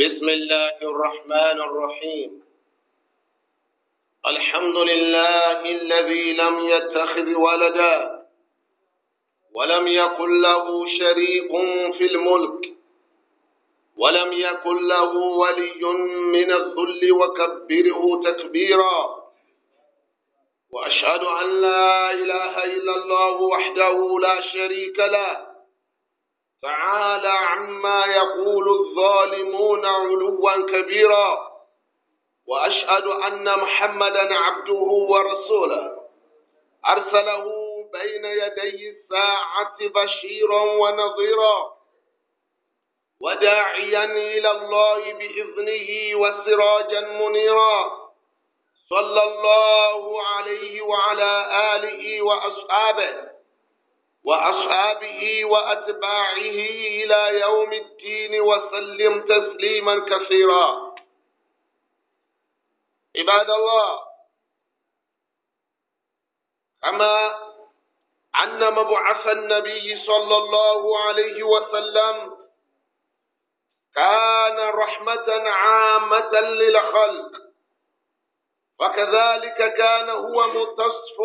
بسم الله الرحمن الرحيم الحمد لله الذي لم يتخذ ولدا ولم يكن له شريك في الملك ولم يكن له ولي من الذل وكبره تكبيرا وأشهد أن لا إله إلا الله وحده لا شريك له تعالى عما يقول الظالمون علوا كبيرا وأشهد أن محمدا عبده ورسوله أرسله بين يدي الساعة بشيرا ونظيرا وداعيا إلى الله بإذنه وسراجا منيرا صلى الله عليه وعلى آله وأصحابه وأصحابه وأتباعه إلى يوم الدين وسلم تسليما كثيرا عباد الله كما أن مبعث النبي صلى الله عليه وسلم كان رحمة عامة للخلق وكذلك كان هو متصف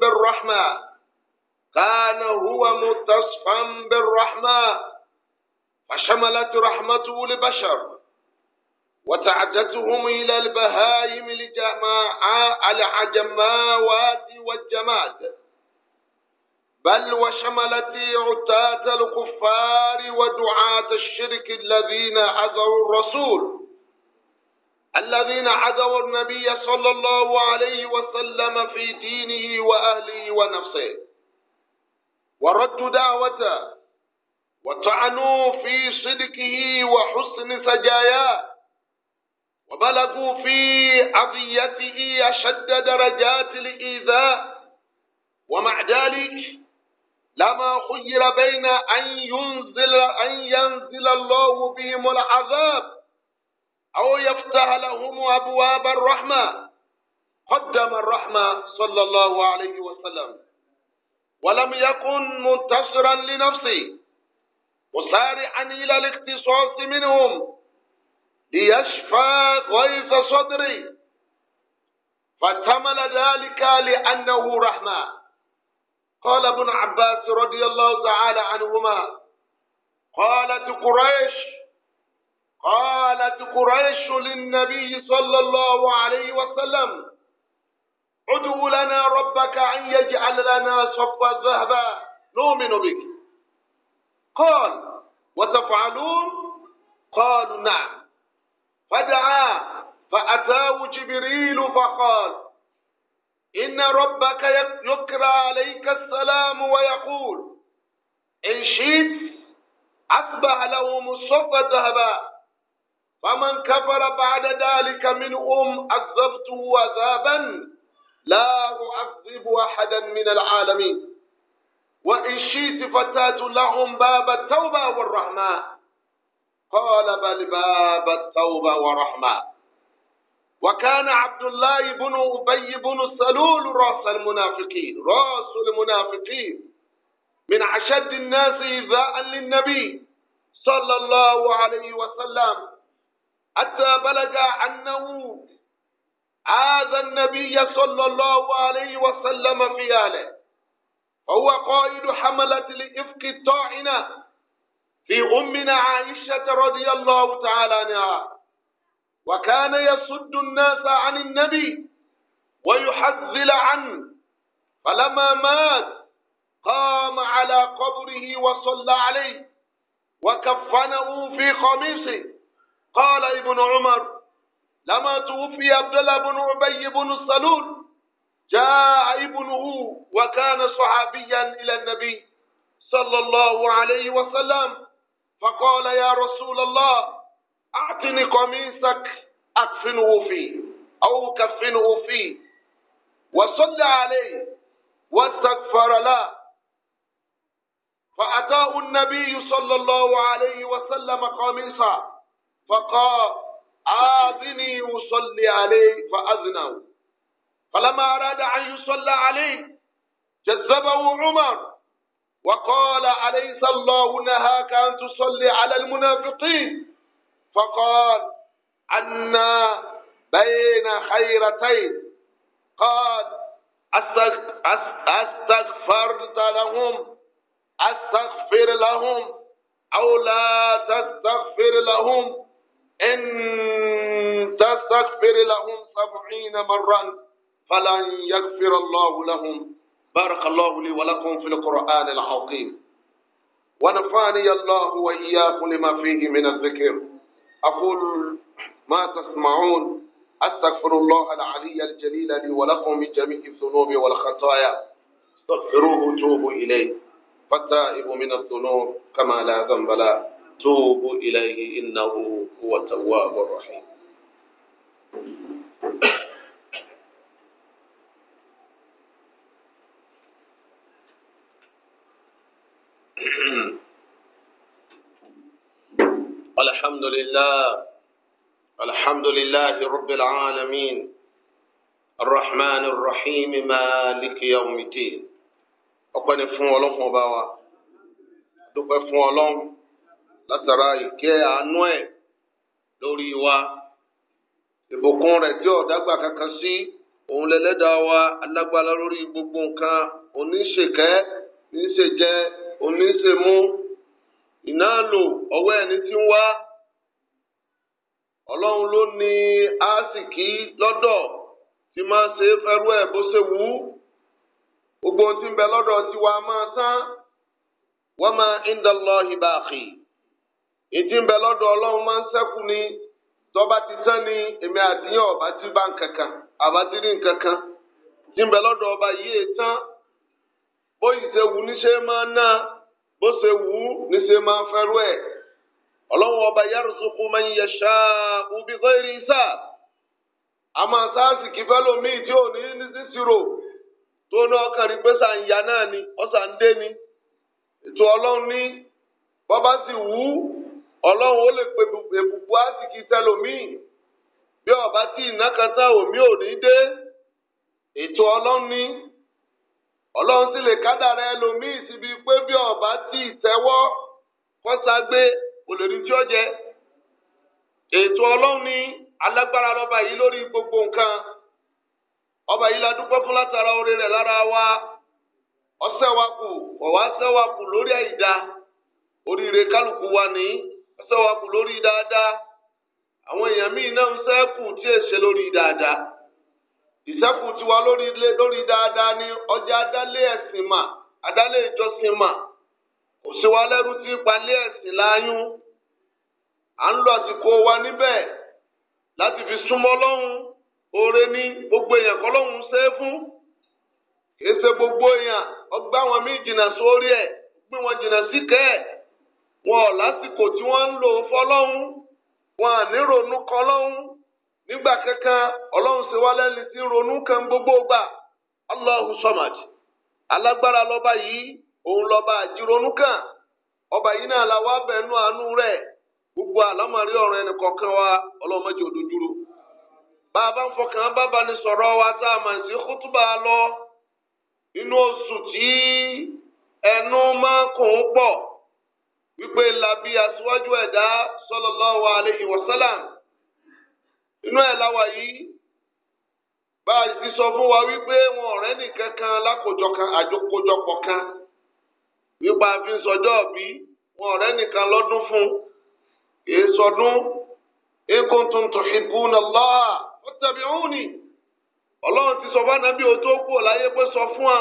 بالرحمة كان هو متصفا بالرحمة فشملت رحمته لبشر وتعدتهم إلى البهائم الجماعة العجماوات والجماد بل وشملت عتاة الكفار ودعاة الشرك الذين عذوا الرسول الذين عذوا النبي صلى الله عليه وسلم في دينه وأهله ونفسه وردوا دعوته وطعنوا في صدقه وحسن سجاياه وبلغوا في عطيته أشد درجات الإيذاء ومع ذلك لما خير بين أن ينزل أن ينزل الله بهم العذاب أو يفتح لهم أبواب الرحمة قدم الرحمة صلى الله عليه وسلم ولم يكن منتصرا لنفسه مسارعا إلى الاختصاص منهم ليشفى غيظ صدري فاحتمل ذلك لأنه رحمة قال ابن عباس رضي الله تعالى عنهما قالت قريش قالت قريش للنبي صلى الله عليه وسلم ادعو لنا ربك أن يجعل لنا صفا ذهبا نؤمن بك قال وتفعلون قالوا نعم فدعا فأتاه جبريل فقال إن ربك يكرى عليك السلام ويقول إن شئت أتبع لهم الصفا ذهبا فمن كفر بعد ذلك منهم أكذبته عذابا لا أعذب أحدا من العالمين وإن شئت فتات لهم باب التوبة والرحمة قال بل باب التوبة ورحمة وكان عبد الله بن أبي بن سلول رأس المنافقين رأس المنافقين من أشد الناس إيذاء للنبي صلى الله عليه وسلم حتى بلغ أنه عاد النبي صلى الله عليه وسلم في أهله فهو قائد حملة لإفك الطاعنة في أمنا عائشة رضي الله تعالى عنها وكان يصد الناس عن النبي ويحذل عنه فلما مات قام على قبره وصلى عليه وكفنه في قميصه قال ابن عمر لما توفي عبد الله بن أبي بن الصلول جاء ابنه وكان صحابيا إلى النبي صلى الله عليه وسلم فقال يا رسول الله أعطني قميصك أكفنه فيه أو كفنه فيه وصل عليه واستغفر له فأتاه النبي صلى الله عليه وسلم قميصا فقال آذني يصلي عليه فأذنه فلما أراد أن يصلى عليه جذبه عمر وقال أليس الله نهاك أن تصلي على المنافقين فقال أنا بين خيرتين قال أستغفرت لهم أستغفر لهم أو لا تستغفر لهم إن تستغفر لهم سبعين مرة فلن يغفر الله لهم بارك الله لي ولكم في القرآن العظيم ونفعني الله وإياكم لما فيه من الذكر أقول ما تسمعون أستغفر الله العلي الجليل لي ولكم من جميع الذنوب والخطايا استغفروه توبوا إليه فالتائب من الذنوب كما لا ذنب له توبوا إليه إنه هو التواب الرحيم الحمد لله الحمد لله رب العالمين الرحمن الرحيم مالك يوم الدين ọpẹ́ ni fún Ọlọ́run ọba wa dúpẹ́ fún Ọlọ́run látara ìkẹ́ àánú ẹ̀ lórí wa ìbùkún rẹ̀ tí ọ̀dàgbà kankan sí òun lẹ́lẹ́dàá wa alágbára lórí gbogbo nǹkan oníṣèkẹ́ oníṣèjẹ oníṣèmú ìnáàlò ọwọ́ ẹni tí ń wá ọlọ́run ló ní àsìkí lọ́dọ̀ tí máa ṣe fẹ́rú ẹ̀ bó ṣe wù gbogbo tí ń itinbe ń bẹ ọlọ́run máa ń ní tọba ti ni èmi àdìyàn ọba ti bá nkankan àbá nkankan ìdí ń bẹ ọba yìí tán bóyì ṣe wù níṣẹ́ máa ná bó ṣe wù níṣẹ́ máa ọlọ́run ọba yarzuqu man yasha'u ya ghairi hisab àmọ́ sáàsì kì í fẹ́ tí ò ní ní sísirò tó ní ọkàn rí ni ń dé ni ètò ní sì wù ọlọ́run ó lè pe èbùkù àsìkí tẹlòmíì bí ọba tí iná kata omi ò ní dé ètò ọlọ́run ní ọlọ́run sì lè kádàrá ẹlòmíì síbi pé bí ọba tí ìtẹ́wọ́ kọ́ságbé kò lè rí tí ó jẹ ètò ọlọ́run ní alágbára gbogbo nǹkan ọba yìí la fún látara wa wa kù kù lórí ẹsẹ̀ wa kù lórí dáadáa àwọn èèyàn míì náà ń sẹ́kù tí è ṣe lórí dáadáa ìsẹ́kù tiwa lórí dáadáa ní ọjà adálé ẹ̀sìn mà adálé ìjọsìn mà kò sí wa lẹ́rú tí palẹ́ ẹ̀sìn láyún à ń lọ wa níbẹ̀ láti fi súnmọ́ Ọlọ́hun oore ní gbogbo èèyàn kọ́ ṣe gbogbo èèyàn ọgbà wọn míì jìnnà sórí ẹ̀ gbé wọn jìnnà síkẹ́ ẹ̀. wọn ò lásìkò tí wọ́n ń lò fọlọ́hún wọn à ní ronú kọlọ́hún nígbà kankan ọlọ́run ṣe wá lẹ́ni tí ronú kan gbogbo gbà Allahu Samad alágbára lọ́ba yìí òun lọ́ba àjíronú kan ọba yìí náà la wá bẹ̀ẹ́nu àánú gbogbo àlámọ̀rí ọ̀rọ̀ ẹnì kọ̀ọ̀kan wa òdòdúró bá a bá ń fọkàn wa tá a kútùbà lọ inú oṣù tí ẹnu máa wípé labi aṣíwájú ẹ̀dá sallallahu alayhi wa sallam inú ẹ̀ láwa yìí bá a ti sọ fún wa wípé wọn ọ̀rẹ́ nìkan kan lákòjọ kan àjòkòjọpọ̀ kan nípa fi ń sọjọ́ bí wọn ọ̀rẹ́ nìkan lọ́dún fún èé sọdún in kuntum tuhibbuna Allah fattabi'uni ọlọ́run ti sọ fún anábì o tó kú ọ̀láyé pé sọ fún wa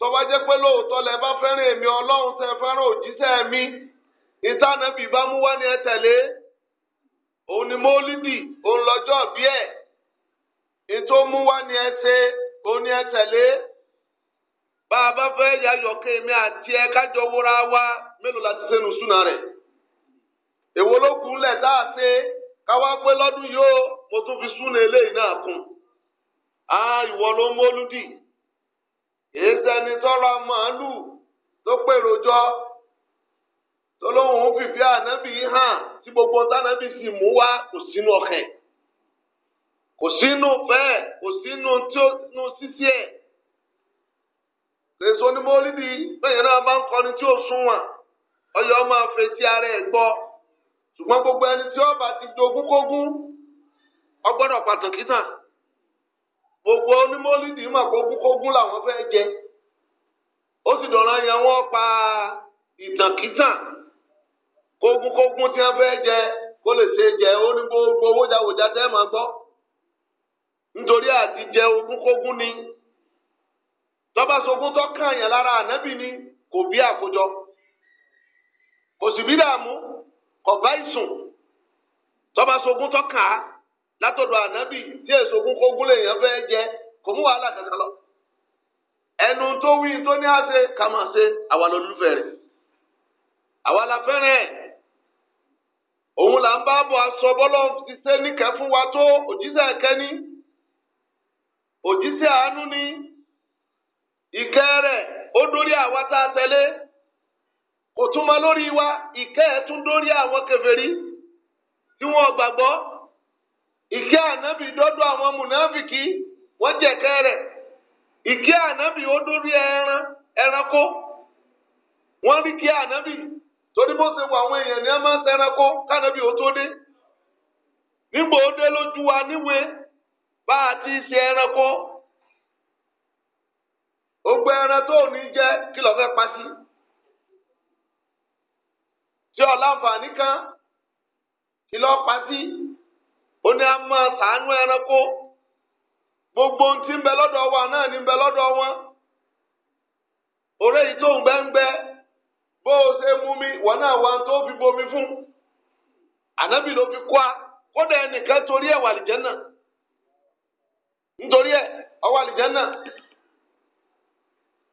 tọ́wájẹ́ pé lóòótọ́ lẹ bá fẹ́ràn èmi ọlọ́run tẹ fẹ́ràn òjíṣẹ́ mi ìtànàbì bá mú wá ní ẹ tẹ̀lé òun ni mólídì òun lọ́jọ́ bí ẹ̀ ètò mú wá ní ẹ ṣe òun ni ẹ tẹ̀lé bá a bá fẹ́ yayọ̀ kéèmí àti ẹ kájọ wúra wá mélòó láti sẹ́nu súnà rẹ̀ èwo ló kù lẹ̀ tá a ṣe káwá pé lọ́dún yóò mo tún fi súnà eléyìí náà kún a ìwọ ló mólídì èyí sẹni tọrọ màálù tó pèrò jọ. tọ́lọ́hún fìfì ànábì hàn tí gbogbo tánábì sì mú wá kò sínú ọkẹ́ kò sínú fẹ́ kò sínú tí ó nu sísí ẹ̀ èso ni mo rí bi lẹ́yìn náà bá ń tí ọyọ ara ẹ̀ gbọ́ gbogbo ẹni ọba ti dogún kógún ọgbọ́dọ̀ pàtàkì tàn gbogbo mà kógún làwọn fẹ́ jẹ ó sì dọ̀rọ̀ yẹn wọ́n ogun kógun tí wọ́n jẹ kó lè ṣe jẹ ó ní gbogbo owó jáwòjá tẹ́ máa àti jẹ ogun ni tọ́ba sogun tó kàn lára ànábì ni kò bí àkójọ kò sì bí dààmú kò bá ìsùn tọ́ba sogun tó kàn á látọ̀dọ̀ ànábì tí èso ogun lèèyàn jẹ kò mú wàhálà kankan òun là ń bá bọ̀ aṣọ bọ́lọ́ ti ṣe níkẹ́ fún wa tó òjíṣẹ́ àánú ni ìkẹ́ rẹ̀ ó dórí àwa tá a tẹ̀lé kò tún mọ lórí wa ìkẹ́ tún dórí àwọn kèfèrí tí wọn gbàgbọ́ ìkẹ́ ànábì dọ́dọ̀ àwọn mùnáfìkì wọ́n jẹ̀kẹ́ rẹ̀ ànábì ó dórí ẹran wọ́n rí torí bó ṣe wọ àwọn èèyàn ní ẹ máa ń sẹranko kánàbí ò tó dé nígbà ó dé lójú wa níwèé bá a ti ṣe ẹranko gbogbo ẹran tó ò ní jẹ kí lọ fẹ́ pa sí tí ọ̀la nfààní kan kí lọ pa sí ó ní gbogbo ohun tí ń bẹ lọ́dọ̀ wa náà ní ń bẹ lọ́dọ̀ wọn òré yìí bose mumi wana wanto obi bomi fun anabi lo fi kwa ko de ni kan tori e wali janna ntori e o wali janna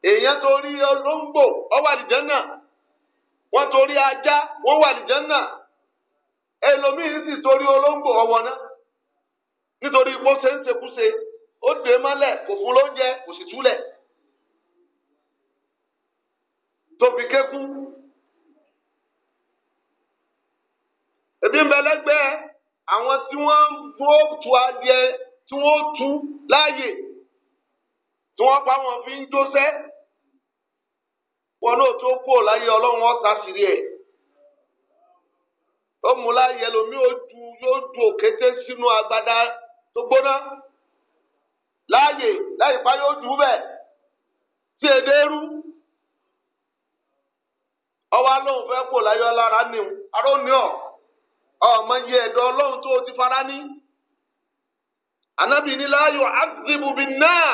eyan tori olongbo o wali janna won tori aja won wali janna elomi si tori olongbo o nitori bo se o de male ko fun lo tó fi kékú. Ebi ń bẹ lẹ́gbẹ̀ẹ́ àwọn tí wọ́n ń bó tu adìẹ tí wọ́n tú láàyè tí wọ́n pa wọn fi ń jósẹ́. Wọn náà tó kú láyé ọlọ́run ọ̀tá sírí ẹ̀. Ó mú láyé lomi yóò du òkété sínú agbada tó gbóná. Láàyè láyìí pa yóò dùn bẹ́ẹ̀ tí èdè rú. ọwọ́ alóhùn fẹ́ kó láyọ̀ lára ní o aró ọ ọmọ yẹ ẹ̀dọ́ ọlọ́run tó o ti fara ní. anabi nílá ayọ̀ azibubi náà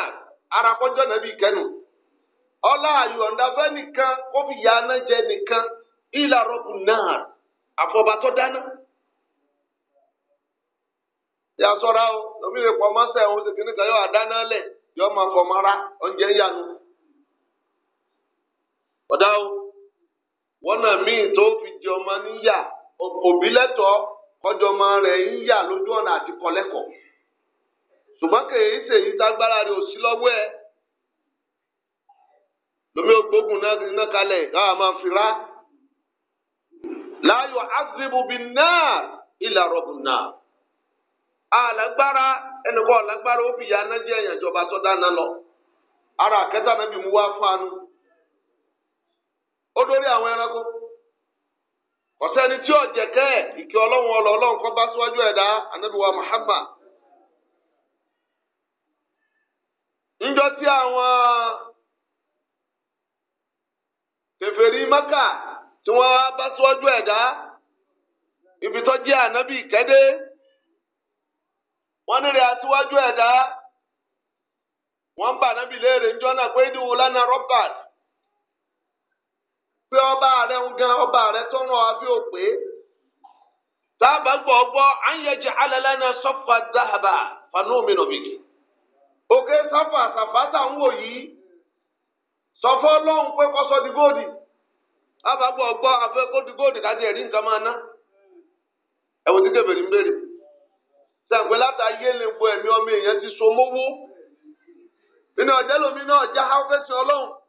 arakọ́jọ́ nàbí kẹnu ọlá ayọ̀ nìkan kó fi ya aná jẹ nìkan ìlà náà àfọ̀bàtọ́ dáná. ìyá o lómi lè sì kan yóò àdáná máa oúnjẹ yanu. ọ̀dà o. na míì tó fi di ọmọ níyà òbí lẹ́tọ̀ọ́ kọjọ ọmọ rẹ̀ ń yà lójú ọ̀nà àti kọ́lẹ́kọ̀ọ́ ṣùgbọ́n kèyí ṣèyí tágbára rẹ̀ ò sí lọ́wọ́ ẹ̀ lómi ògbógun náà kalẹ̀ káwa máa fi rá láyò náà ilà rọ̀bù náà alágbára ẹnìkan ó fi yà á ẹ̀yàn ìjọba sọ́dá náà lọ ara náà bí wá ó dórí àwọn ẹranko kọsẹ́ni tí ọ̀jẹ̀ kẹ́ ẹ̀ ìkẹ́ ọlọ́run ọlọ́ ọlọ́run bá síwájú ẹ̀dá Muhammad njọ tí àwọn kèfèrí maka tí wọ́n bá síwájú ẹ̀dá ibi tó ànábì kẹ́dé bá Robert. pé ọba rẹ ń gan ọba rẹ tó ràn pé dábà gbọ́ à ń yẹjẹ alẹ́lẹ́ náà sọ́fà dáhàbà fanú mi nọ̀bìkì òkè sáfà sàfàtà ń wò yìí sọfọ́ lọ́hùn pé kọ́sọ́ di góòdì kó di góòdì ẹ̀rí nǹkan máa ná ẹ̀wọ̀n ń lè bo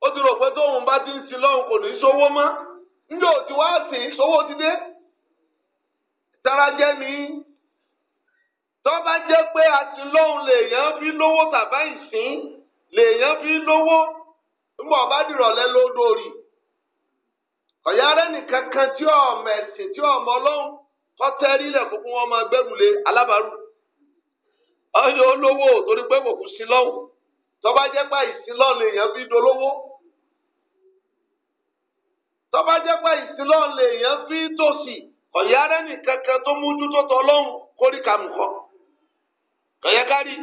o ti rò pé tóun bá ti ń sin lọ́hùn kò ní í sówó mọ́ níbi òtí wá sí sówó ti dé tarajẹ́ ni pé jẹ́ pé asin lọ́hùn lèèyàn fi lówó tàbá ìsín lèèyàn fi lówó nígbà ọba dìrọ̀lẹ́ ló dórí nìkan kan tí ọmọ ẹ̀sìn ọmọ lẹ̀ fún wọn máa gbẹ́rù lé alábàárù ọyọ torí pé kò kú sọba jẹ́ pa ìsílọ́ọ̀lù èèyàn fi dolówó tọ́ba jẹ́ pa èèyàn fi tòsí ọ̀yá rẹ́nì kankan tó mójútó tọ́lọ́hún kórìkà mùkọ́ kọ̀yẹ́kárì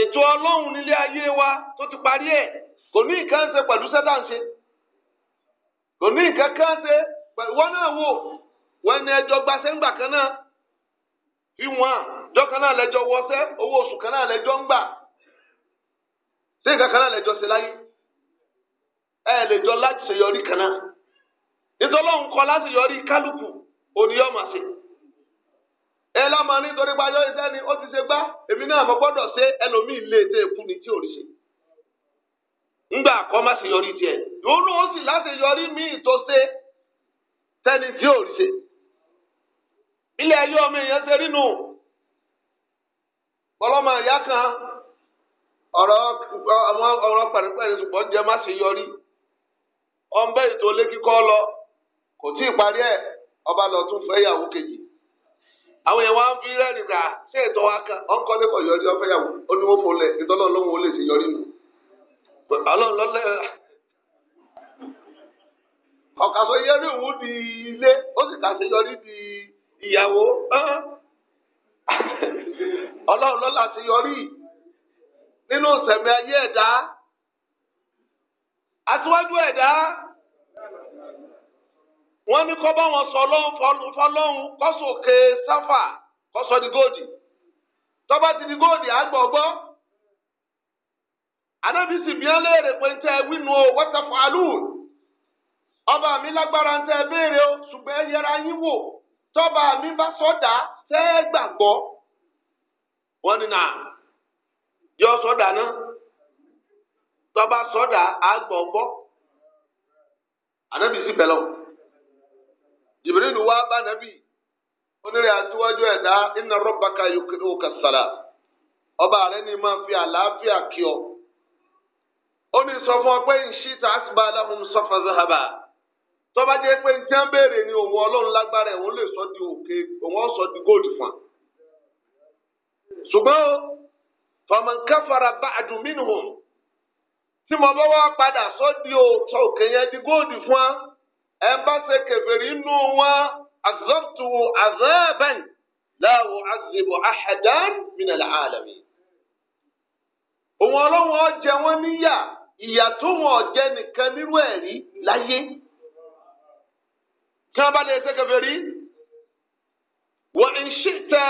ètò ọlọ́run nílé ayé wa tó ti parí ẹ̀ kò ní nǹkan ṣe pẹ̀lú kò ní nǹkan kan ṣe pẹ̀lú wọn náà wò wọn ni gbaṣẹ́ ńgbà kan náà fi wọn àjọ kan náà owó oṣù kan náà tí nǹkan kan náà lè jọ ṣe láyé ẹ lè jọ láti ṣèyọrí kọ láti òní yọ ṣe ẹ lọ́mọ nítorí ó ti ṣe gbá èmi náà mo gbọ́dọ̀ ṣe ẹlòmíì lè ni tí ò rí ṣe ńgbà kọ́ má ṣe yọrí tiẹ̀ òun ó sì láti yọrí míì tó ṣe tẹ́ni tí ò rí ilé Ọrọ àwọn ọ̀rọ̀ pẹ̀lẹ́pẹ̀lẹ́ ṣùgbọ́n jẹ́ má ṣe yọrí ọ̀nbẹ́ ètò ilé kíkọ́ lọ kò tí ì parí ẹ̀ ọba lọ tún yàwó kejì àwọn fi rà ètò wa kan ọ̀nkọ́lé kọ̀ yọrí ọ̀fẹ́ yàwó oníwó ó lè ṣe yọrí nù yẹrí òun di ilé ó sì yọrí nínú sẹ̀mí ayé ẹ̀dá aṣíwájú ẹ̀dá wọn ní kọ́ bá wọn sọ lọ́hùn fọlọ́hùn kọ́sòkè sáfà kọ́sọ́ di góòdì tọ́ba ti di góòdì àgbọ̀gbọ́ anábì sì bí pé ń tẹ́ wínú o wọ́tẹ́ fàálù ọba mi lágbára ń tẹ́ béèrè o ṣùgbọ́n yín wò tọ́ba mi bá tẹ́ gbàgbọ́ ní yọ sọ́dà náà sọba sọ́dà àgbọ̀gbọ́ ànábì sí bẹ̀lọ̀ jìbìrìlù wá bá nàbì onírè àtiwájú ẹ̀dá iná rọ́bàkà yóò kàsàlà ọba rẹ ni máa fi àlàáfíà kí ọ ó ní sọ fún ọ pé ìṣítà àtibá aláhùn sọfà zahaba tọ́ba jẹ́ pé njẹ́ béèrè ni òun ọlọ́run lágbára òun lè sọ di òkè òun di góòdù fún fọmọn káfàrà bá àdùnmínú tí mo bá wá padà sọ́dí o sọ òkè yẹn di góòdù fún wa ẹ bá ṣe kẹfẹ́rì inú wa azọ́tù azẹ́bẹ̀n láwo azìbò àhàdán mìnàlá àlàmì. òun ọlọ́wọ́n ọjẹ wọn níyà ìyà wọn ọjẹ nìkan nírú ẹ̀rí láyé. kí wọ́n bá lè ṣe kẹfẹ́rì wọ́n ń ṣètẹ́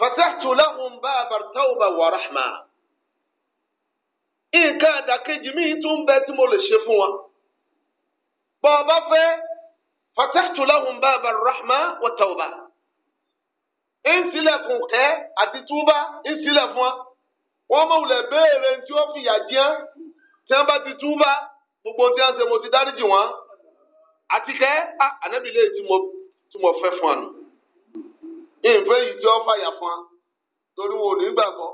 fatahtu lahum baba tawba wa rahma nǹkan àdàkejì mi tún bẹ tí mo lè ṣe fún wa bọ́ ọ bá fẹ́ fatahtu lahum baba rahma wa tawba ńsílẹ̀kùn kẹ́ àti túbá ńsílẹ̀ fún wa wọ́n mọ̀ wùlẹ̀ béèrè tí ó fìyà jẹ́ tí wọ́n bá ti túbá gbogbo tí wọ́n ṣe mo ti dáríjì wọ́n àti kẹ́ ànábìlẹ̀ tí mo fẹ́ fún wa nù. ìfẹ́ yìí tí ọ fàyà fún wa torí wọn ò ní gbàgbọ́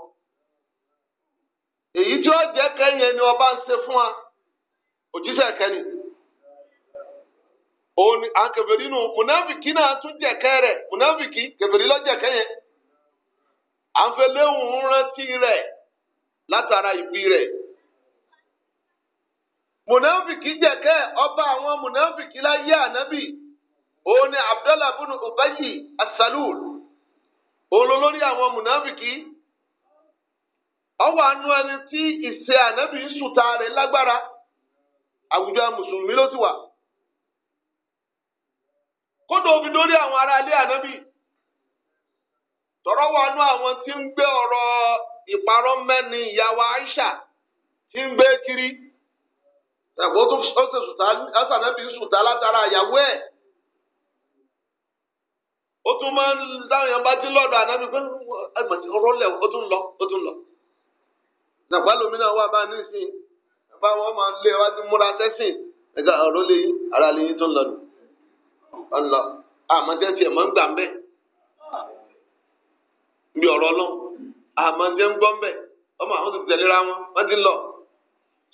èyí tí ọ ẹni ọba ń ṣe fún wa òun ni à ń kẹfẹ́rí nù mùnáfìkì náà tún jẹkẹ rẹ mùnáfìkì kẹfẹ́rí lọ́jẹ̀kẹ́ yẹn à ń fẹ́ léhùn rántí rẹ látara ìbí rẹ mùnáfìkì jẹ̀kẹ́ ọba àwọn mùnáfìkì láyé ànábì òun ni Abdallah bunu olólórí àwọn mùnàfìkì ọwọ anú ẹni tí ìṣe ànábì ń sùta rẹ̀ lágbára àwùjọ mùsùlùmí ló ti wà kódà òbí lórí àwọn ará ilé ànábì tọrọ wọnú àwọn tí ń gbé ọrọ ìparọ mẹni ìyàwó Aisha tí ń gbé kiri ẹ̀kọ́ tó ṣe sùta látara ìyàwó ẹ̀. otu tún máa ń dáhùn yẹn bá dín lọ́dọ̀ ànábi pé àgbàtì ọ̀rọ̀ lẹ̀ ó tún lọ ó tún lọ. nàgbà lómi náà wà bá a nísìn nàgbà wọn máa ń lé wá sí múra sẹ́sìn ẹ̀ka ọ̀rọ̀ lè yí ara lè yí tó ń lọ nù. ọ̀nà àmọ́tẹ́ tiẹ̀ máa ń gbà ń bẹ̀. bí ọ̀rọ̀ lọ ń gbọ́ ń ọmọ àwọn wọn wọ́n ti lọ.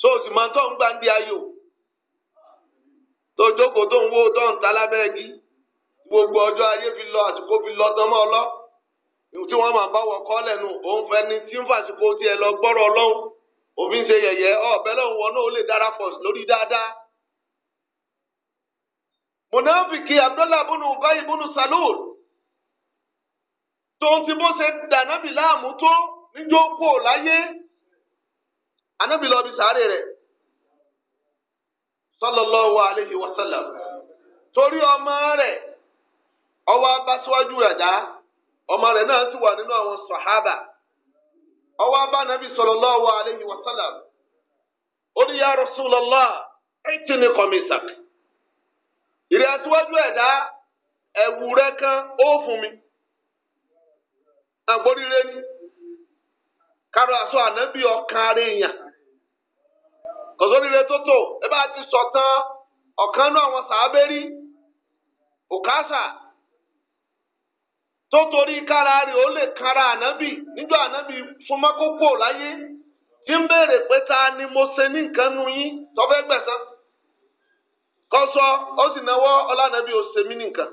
so òsì máa ń gbà ń di ayò. tó jókòó tó gbogbo ọjọ́ ayé fi lọ àsìkò fi lọ tán mọ́ ọlọ́ tí wọ́n máa bá wọ̀ lẹ́nu òun fẹ́ ni tí ń fàsìkò lọ gbọ́rọ̀ ọlọ́run òfin ṣe yẹ̀yẹ́ ọ̀bẹ lọ́hùn wọn náà ó lè lórí dáadáa. abdullahi báyìí tóun ti bó ṣe dànábì láàmú tó níjó kó láyé anábì sáré rẹ̀ ọmọ rẹ̀. ọwọ́ abáṣíwájú rẹ̀ dá ọmọ rẹ̀ náà ti wà nínú àwọn sàhábà ọwọ́ abánabi sallallahu alayhi wa sallam ó ní ya Rasulullah ní qamisak ìrìn àtiwájú ẹ̀dá ẹ̀wù rẹ̀ kan ó fún mi àgbóríire ni kárọ̀ àṣọ ànábì ọ̀kan ti sọ tán ọ̀kan náà wọn sàábẹ́rí òkàṣà. tó torí kára rẹ̀ ó lè kára ànábì nígbà ànábì kókó láyé tí ń béèrè pé ta ni mo ṣe ní nǹkan nu yín tọ́fẹ́ gbẹ̀sán kọ́ sọ ó sì náwó ọlànàbì ó ṣe mí nìkan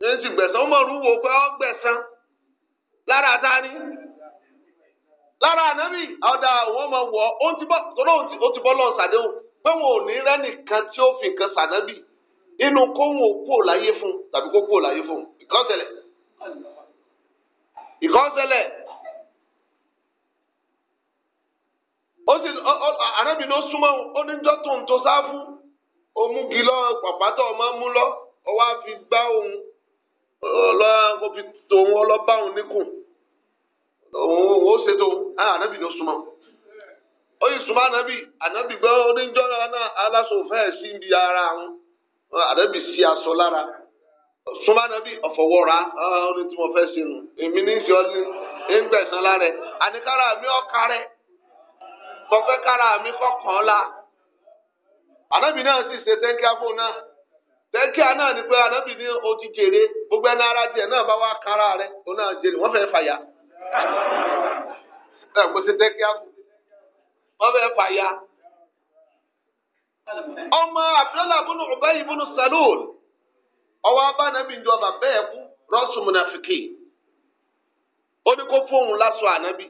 ní ti gbẹ̀sán ó mọ̀ rú pé ó gbẹ̀sán lára ta ni lára ànábì ọ̀dà ọmọ wọ̀ ó ti bọ́ ó ti bọ́ lọ́ọ̀ sàdéhùn pé wọn ò ní tí ó fi nǹkan ìkọ́sẹ́lẹ̀ ó sì àrẹ́bí ló súnmọ́ ó ní jọ́tò ń tó sáfù lọ pàpátọ̀ ọmọ mú lọ ọwọ́ á fi gbá òun lọ kó fi tòun òun níkùn òun ó ṣètò àrẹ́bí ló súnmọ́ ó yìí súnmọ́ ànábì ànábì gbọ́ oníjọ́ náà aláṣọ òfẹ́ sí ibi ara súnmọ́nà bí ọ̀fọ̀wọ́ra ọ̀hún ah, tí mo fẹ́ ṣe nù èmi ní ìṣọ́ lára àníkàrà mi ọ̀ka rẹ̀ kọfẹ́ mi kọ̀kan la ànábì náà sì ṣe tẹ́kíá fún náà náà ni pé ní jèrè gbogbo ẹni ara tiẹ̀ náà bá wá o náà jèrè fàyà náà ṣe ọwọ́ abánabi ń ọba bẹ́ẹ̀ kú rọ́ọ̀sù mùnàfíkì ó ní kó ànábì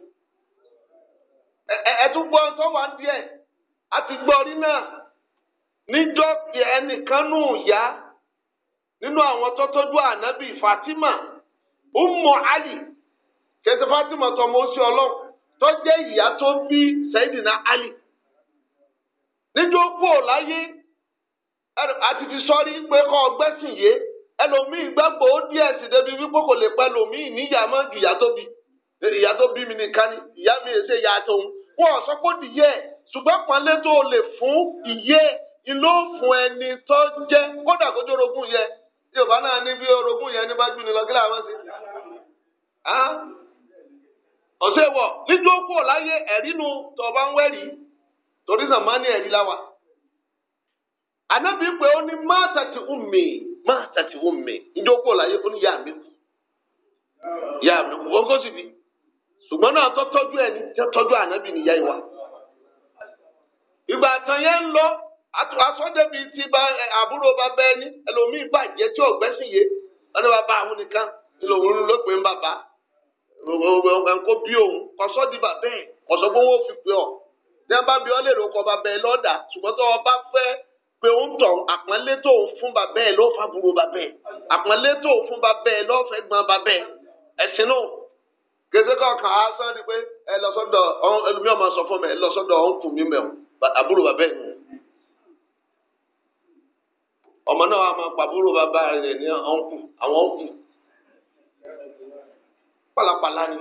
wà ń díẹ̀ àti gbọ́ rí náà níjọ́ ẹnìkan nù yá nínú àwọn Fatima Ummu Ali kẹsì Fatima tọmọ oṣù jẹ́ ìyá tó bí Ali kú àti fi sọ́rí pé kọ́ gbẹ́sìn yé ẹlòmíì gbẹ́pọ̀ ó díẹ̀ sí débi wípé kò lè pẹ́ lòmíì níyà mọ́ ju ìyá tó bí ìyá tó bí mi nìkan ni ìyá mi èsè ìyá tóun wọn ò sọ́kó dìyẹ ṣùgbọ́n pọ́nlé tó o lè fún ìyé ìlú fún ẹni tó jẹ́ kódà kó jórogún yẹ yorùbá náà ní bí orogún yẹn ní bá jù ní lọ kílà wọn sí. ọ̀sẹ̀ wọ̀ nídìí ó kú ọ̀láyé ẹ̀rí ń wẹ̀rí torí sàmánì ẹ̀rí láwà anabi pé ó ní mátàtì umi mátàtì umi njẹ́ ó kó láyé ó ní yá mi kú yá mi kú ó kó sì bí ṣùgbọ́n náà tó tọ́jú ẹni tó tọ́jú anabi níyá ìwà ìgbà àtàn yẹn ń lọ asọ́dẹ̀bi ti ba àbúrò bàbá ẹni ẹlòmíì bàjẹ́ tí ọ̀gbẹ́sìn yé ọ̀nà bàbá àwọn nìkan lòun ló pè ń bàbá nǹkó bí òun kọ́sọ́ di bàbá ẹ̀ fi pè ọ́ ní abábíọ́lẹ̀ ló kọ́ bàbá lọ́dà ṣùgbọ́n tó o bá fẹ́ pé ó ń tọ̀ àpọ́nlé tó ń fún bàbá ẹ̀ lọ́ọ́ fàbúrò bàbá ẹ̀ àpọ́nlé tó ń fún bàbá ẹ̀ lọ́ọ́ fẹ́ gbọ́n bàbá ẹ̀ ẹ̀sìn náà gèdè kọ̀ọ̀kan á sọ ni pé ẹ lọ sọ́dọ̀ ẹlòmíì ọmọ sọ fún mi ẹ lọ sọ́dọ̀ ọ̀nkù mi mẹ́wọ̀n àbúrò bàbá ẹ̀ ọmọ náà wà máa pàbúrò bàbá rẹ̀ ní ọ̀nkù àwọn ọ̀nkù pàlàpàlà ni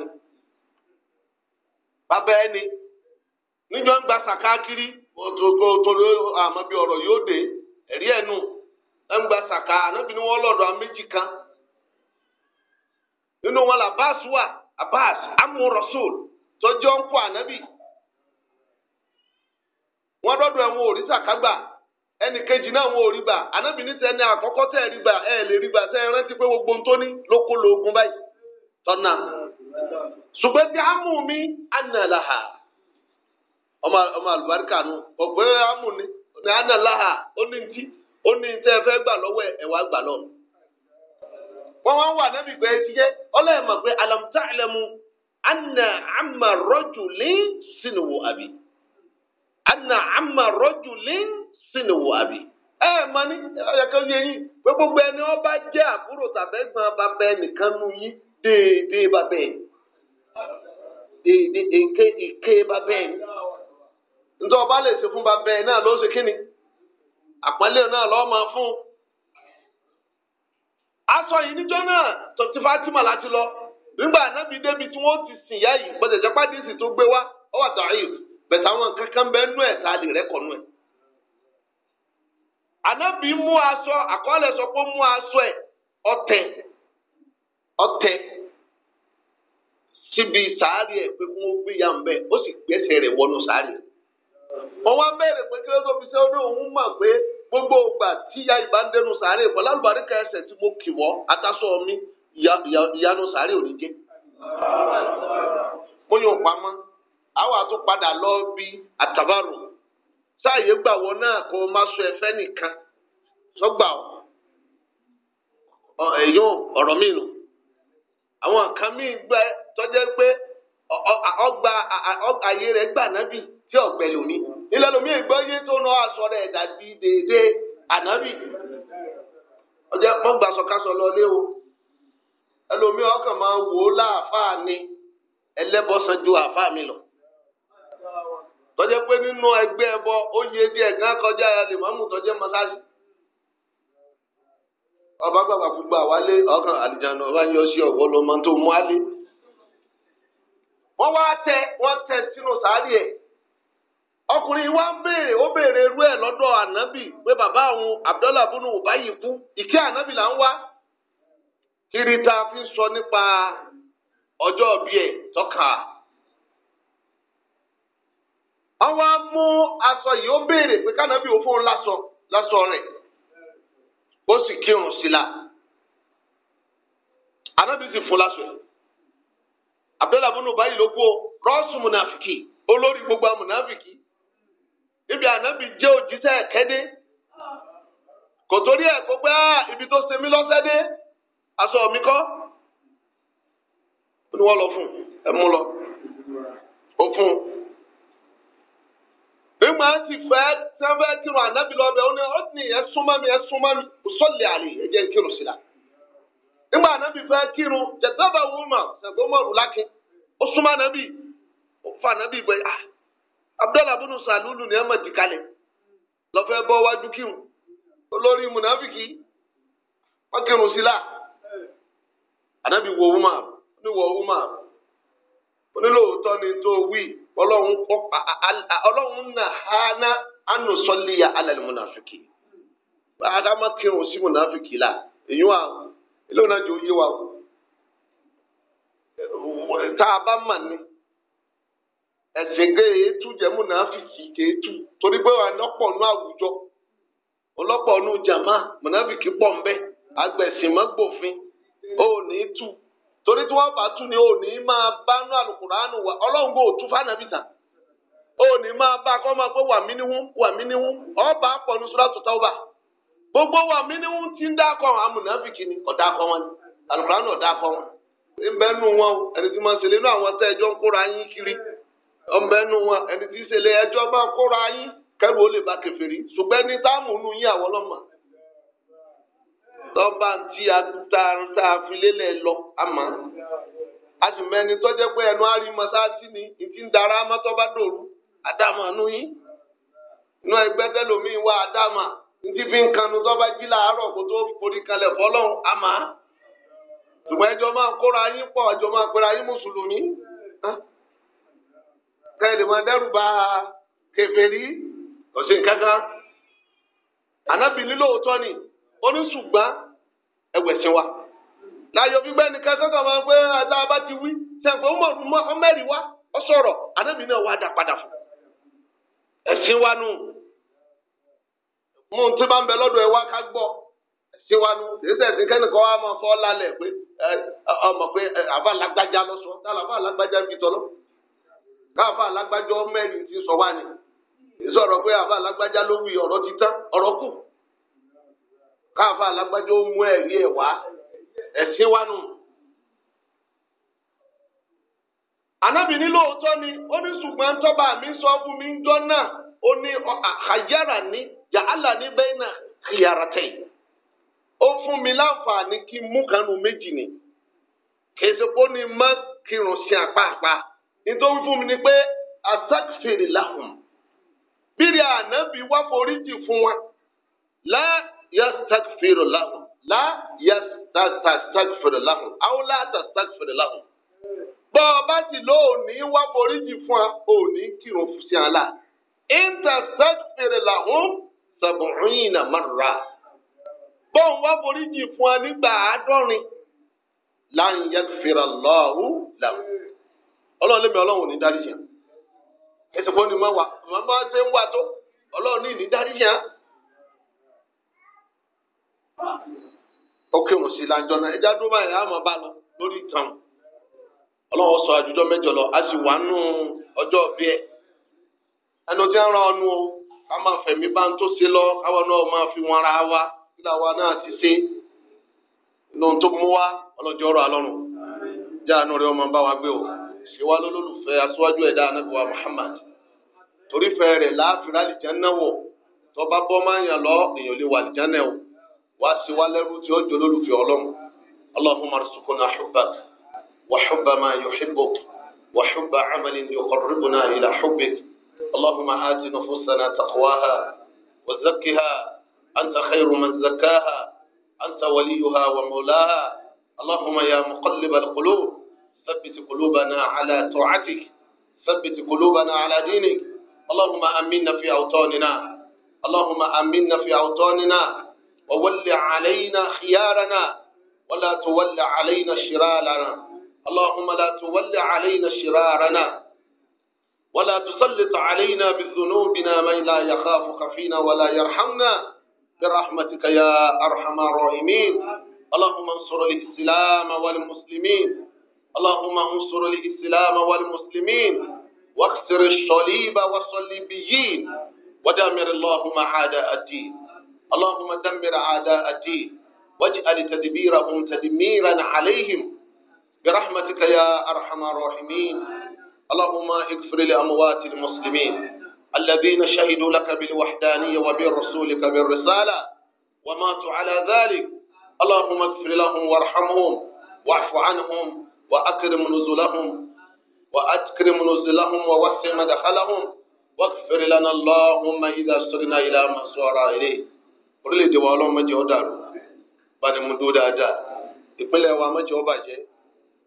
bàbá ẹni. níjọ ń gba sàkáàkiri òtòtòrò àmọ́ bí ọ̀rọ̀ yóò dé ẹ̀rí ẹ̀nu ẹ̀ gba sàká ànábì ni kan nínú wọn là Abbas wà Abbas amu rasul tọjọ́ ń kọ́ ànábì wọ́n lọ́dọ̀ wọn ò rí sàkágbà ẹnì kejì náà wọn ò rí gbà ànábì ní tẹ́ni àkọ́kọ́ ọmọ àlùbáríkà nu ọ̀pẹ́ àmù ni ní àná láhà ó ní ntí ó ní ntẹ́ ẹ fẹ́ gbà lọ́wọ́ ẹ ẹ̀wà gbà lọ. wọ́n wá wà nẹ́bí gbẹ́ ti jẹ́ ọlọ́ọ̀mọ̀ pé alam ta'lamu anna amma rajulin sinuhu abi anna amma rajulin sinuhu abi ẹ ẹ mọ ní ọ̀yọ̀kẹ́ yẹ yín pé gbogbo ẹni ọba jẹ́ àbúrò tàbẹ́gbọ́n bàbá ẹnìkan nu yín déédéé bàbá déédéé èké èké bàbá ndị ọba lè ṣe fún bàbá ẹ̀ náà ló ṣe kíni àpọ́nlé fún yìí níjọ́ náà tó ti lọ nígbà nábì débi tí wọ́n ti sìn yá yìí bọ́dẹ̀ jẹ́ pàdésì tó gbé wá bẹ̀tẹ̀ àwọn kankan bẹ́ẹ̀ nú ẹ̀ tá a lè rẹ́kọ̀ nú ẹ̀. Ànábì mú aṣọ àkọọ́lẹ̀ sọ pé ya bẹ́ẹ̀ ó sì wọn wá béèrè pé kí ló tó fi ṣe ó ní òun mọ̀ pé gbogbo ògbà tí ìyá ìbá ń dẹnu sàárè pọ̀ lálùbáríkà ẹsẹ̀ tí mo kì wọ́ atásọ mi ìyanu sàárè ò ní jẹ́. mo yóò pamọ́ àwọn àtún padà lọ bí àtàbàrò sáàyè gbà wọn náà kó o má sọ ẹfẹ́ nìkan sọgbà ẹ̀yọ́ ọ̀rọ̀ mi nù àwọn kan mi gbẹ tọ́jẹ́ pé ọgbà ayé rẹ̀ gbà nábì. tí ọ̀gbẹ́ lomi ilẹ̀ lomi ìgbọ́ yé tó nọ aṣọ rẹ̀ dàbí dédé ànábì ọjọ́ lọ lọlé o ẹlòmí ọkàn máa wò ó láàfáà ni ẹlẹ́bọ̀sán ju àfáà mi lọ tọ́jẹ́ pé nínú ẹgbẹ́ ẹbọ ó yẹ díẹ̀ gán kọjá ẹ̀lẹ́ mọ́mú tọ́jẹ́ ọba ọkùnrin wa ń béèrè ó béèrè irú ẹ lọ́dọ̀ ànábì pé bàbá àwọn abdullah bunu ubayi kú ìkẹ́ ànábì là ń wá kiri fi sọ nípa ọjọ́ bí tọ́ka. àwọn amú aṣọ yìí ó béèrè pé kánábì ò fóun lásọ lásọ ó sì la anabi sì fún lásọ yìí abdullah ló kú gbogbo Ibi anabi jẹ́ òjíṣẹ́ ẹ̀kẹ́dé kò torí ah, ibi tó ṣe mí lọ́sẹ̀ dé aṣọ mi kọ́ ó ní wọ́n lọ fún ẹ mú lọ ó fún nígbà tí fẹ́ sẹ́fẹ́ kírun ànábì lọ́bẹ̀ ó ní nke nkiru ẹ mi ẹ mi ó àlè kírun la nígbà fẹ́ kírun wúmọ̀ ṣẹ̀gbọ́n mọ̀rún lákẹ́ ó ó fún anabi bẹ́ẹ̀ ah. abudulayi abunu saalu ụlọ ụnyaahụ dịkane lọfee bọwa duki ọ olori munafiki ọ kere ọsị la anabi wọ ọmụma ọ niwọ ọmụma ọ niwe otu ọ na etu o wii ọlọrụnụ ọkpa na ha na anụ ala munafiki bụ adama kere ọsị munafiki la enyewa eleonoradị oyewa ọ ụ ụ ụ ụ ụ ụ ụ ụ ụ ụ ụ ụ ụ ụ ẹ̀sìn gé èétú jẹ́mú náà fi sì kéétú torí pé ọlọ́pọ̀ nú àwùjọ ọlọ́pọ̀ nú jàmá mọ̀nàbìkì pọ ni ó máa bá wà kò tú máa bá ọba pọ̀nù Suratu Tauba gbogbo wà mí níwú ti ń dákọ̀ àwọn ni ọ̀dà kọ́ wọn àlùkùránù ọ̀dà kọ́ wọn ń wọn ẹni tí kiri. ọmọ ẹnu wọn ẹni tí í ṣe ẹjọ́ máa kóra yín kẹrù ó lè bá kèfèrí ṣùgbọ́n ẹni tá a mú nu yín àwọn a ta ta lọ àmọ́ a sì mẹ́ni tọ́jẹ́ pé ẹnu àárín mọ́sáàsì ni ìfi ń dara mọ́tọ́ bá dòru nu yín inú ẹgbẹ́ wá fi ń kanu jí làárọ̀ kó tó forí kalẹ̀ fọlọ́run àmọ́ ṣùgbọ́n ẹjọ́ máa kóra yín kẹlẹ mọ dẹrù bá kèfèrí ọsìn kankan anabi lílóòótọ́ ni oníṣùgbọ́n ẹwẹ̀sìn wa láyọ̀ gbígbẹ́ nìkan kankan máa ń pẹ́ bá ti wí sẹ́ǹpẹ́ ó náà padà fún wa nù mú tí bá ń bẹ wá ká wa nù wa máa pé ọmọ pé àbá lọ sọ tá káfa alágbájọ mẹ́rin ti sọ wá ni èso ọ̀rọ̀ pé àfa alágbájá ló wí ọ̀rọ̀ ti tán ọ̀rọ̀ kù káfa alágbájọ mú ẹ̀rí ẹ wá ẹ̀sìn wá nù. Ànábì ní lóòótọ́ ni ó ní ṣùgbọ́n mi sọ fún mi ń jọ náà ó ní àyàrá ní ni ní kìyàrá tẹ̀. Ó fún mi láǹfààní kí n mú méjì ni. Kèsì pé ó ní kírun sí apá apá. nítorí fún mi ni pé asakfèrè làwọn bírí ànábì wá foríjì fún wa lá yasakfèrè làwọn lá yasakfèrè làwọn àwọn látàsakfèrè làwọn bọ́ ọ bá sì lọ òní wá foríjì fún wa òní kírun fún sí àlá intasakfèrè làwọn sàbùrìn nà màrà bọ́ọ̀n wá foríjì fún wa nígbà àádọ́rin láǹyà fèrè lọ́ọ̀rù làwọn ọlọ́run lèmi ọlọ́run ní dáríjì hàn ètò kò ní mọ wà mọ bá ṣe ń wà tó ọlọ́run ní ní dáríjì hàn. ó kírun sí lájọ náà ẹja dúró báyìí àmọ́ bá lọ lórí ìtàn ọlọ́run sọ àjùjọ mẹ́jọ lọ a sì wà nù ọjọ́ bíẹ́ ẹnu tí ń ran ọnu o ká máa fẹ̀mí bá ń tó ṣe lọ káwọn náà máa fi wọn ra wa nígbà wa náà ti ṣe lóhun tó mú wa ọlọ́jọ́ ọ̀rọ̀ àlọ́run jáàánú rẹ̀ ọmọ bá wa gbé o ṣe wá lólùfẹ́ aṣáájú ẹ̀dá anábíwá Muhammad torífẹ́ rẹ̀ láàfin àlìjáná wọ̀ tọ́ba bọ́ máa ń yàn lọ èèyàn lè wà àlìjáná o wá sí wá lẹ́rú tí ó jọ lólùfẹ́ ọlọ́run Allahumma arzuqna hubbak wa hubba ma yuhibbuk wa hubba amalin yuqarribuna ila hubbik Allahumma ati nufusana taqwaha wa zakkiha anta khayru man zakkaha anta waliyuha wa mawlaha Allahumma ya muqallibal qulub. ثبت قلوبنا على طاعتك ثبت قلوبنا على دينك اللهم أمنا في أوطاننا اللهم أمنا في أوطاننا وول علينا خيارنا ولا تول علينا شرارنا اللهم لا تول علينا شرارنا ولا تسلط علينا بذنوبنا من لا يخافك فينا ولا يرحمنا برحمتك يا أرحم الراحمين اللهم انصر الإسلام والمسلمين اللهم انصر الإسلام والمسلمين واكسر الصليب والصليبيين ودمر اللهم عداء الدين اللهم دمر عداء الدين واجعل تدبيرهم تدميرا عليهم برحمتك يا أرحم الراحمين اللهم اغفر لأموات المسلمين الذين شهدوا لك بالوحدانية وبرسولك بالرسالة وماتوا على ذلك اللهم اغفر لهم وارحمهم واعف عنهم وأكرم نزلهم وأكرم نزلهم ووسع مدخلهم واغفر لنا اللهم إذا سرنا إلى ما سار إليه orílẹ̀-èdè wa a mẹ́jọ dàrú bani mu dúró dáadáa wa mẹ́jọ bàjẹ́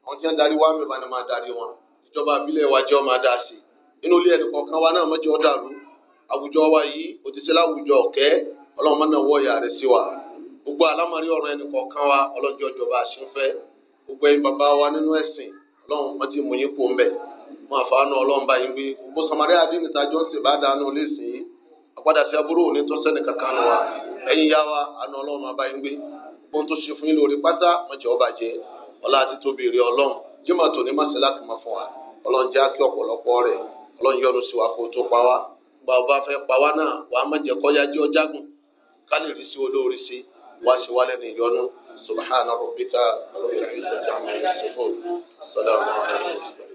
àwọn tí wọ́n darí wa mi bani dari darí wọn ìjọba àbílẹ̀ wa jẹ́ ọmọ adá sí inú ilé ẹnì kan wa wa wa gbogbo ẹnì wa ìjọba gbogbo ẹ̀yin bàbá wa nínú ẹ̀sìn ọlọ́run wọ́n ti mú yín kó mbẹ̀ mọ àfààní ọlọ́run bá yín gbé gbogbo samaria adínìta jọ sì bá dànù lẹ́sìn àpadà sí aburú òní tó sẹ́ni wa ẹ̀yin yá wa àna ọlọ́run máa bá yín gbé gbogbo tó ṣe fún yín lórí pátá wọ́n jẹ́ ọba jẹ́ ọlá àti tóbi rí ọlọ́run láti fún wa ọlọ́run ọ̀pọ̀lọpọ̀ rẹ̀ سبحان ربك رب العزة عما يصفون السلام عليكم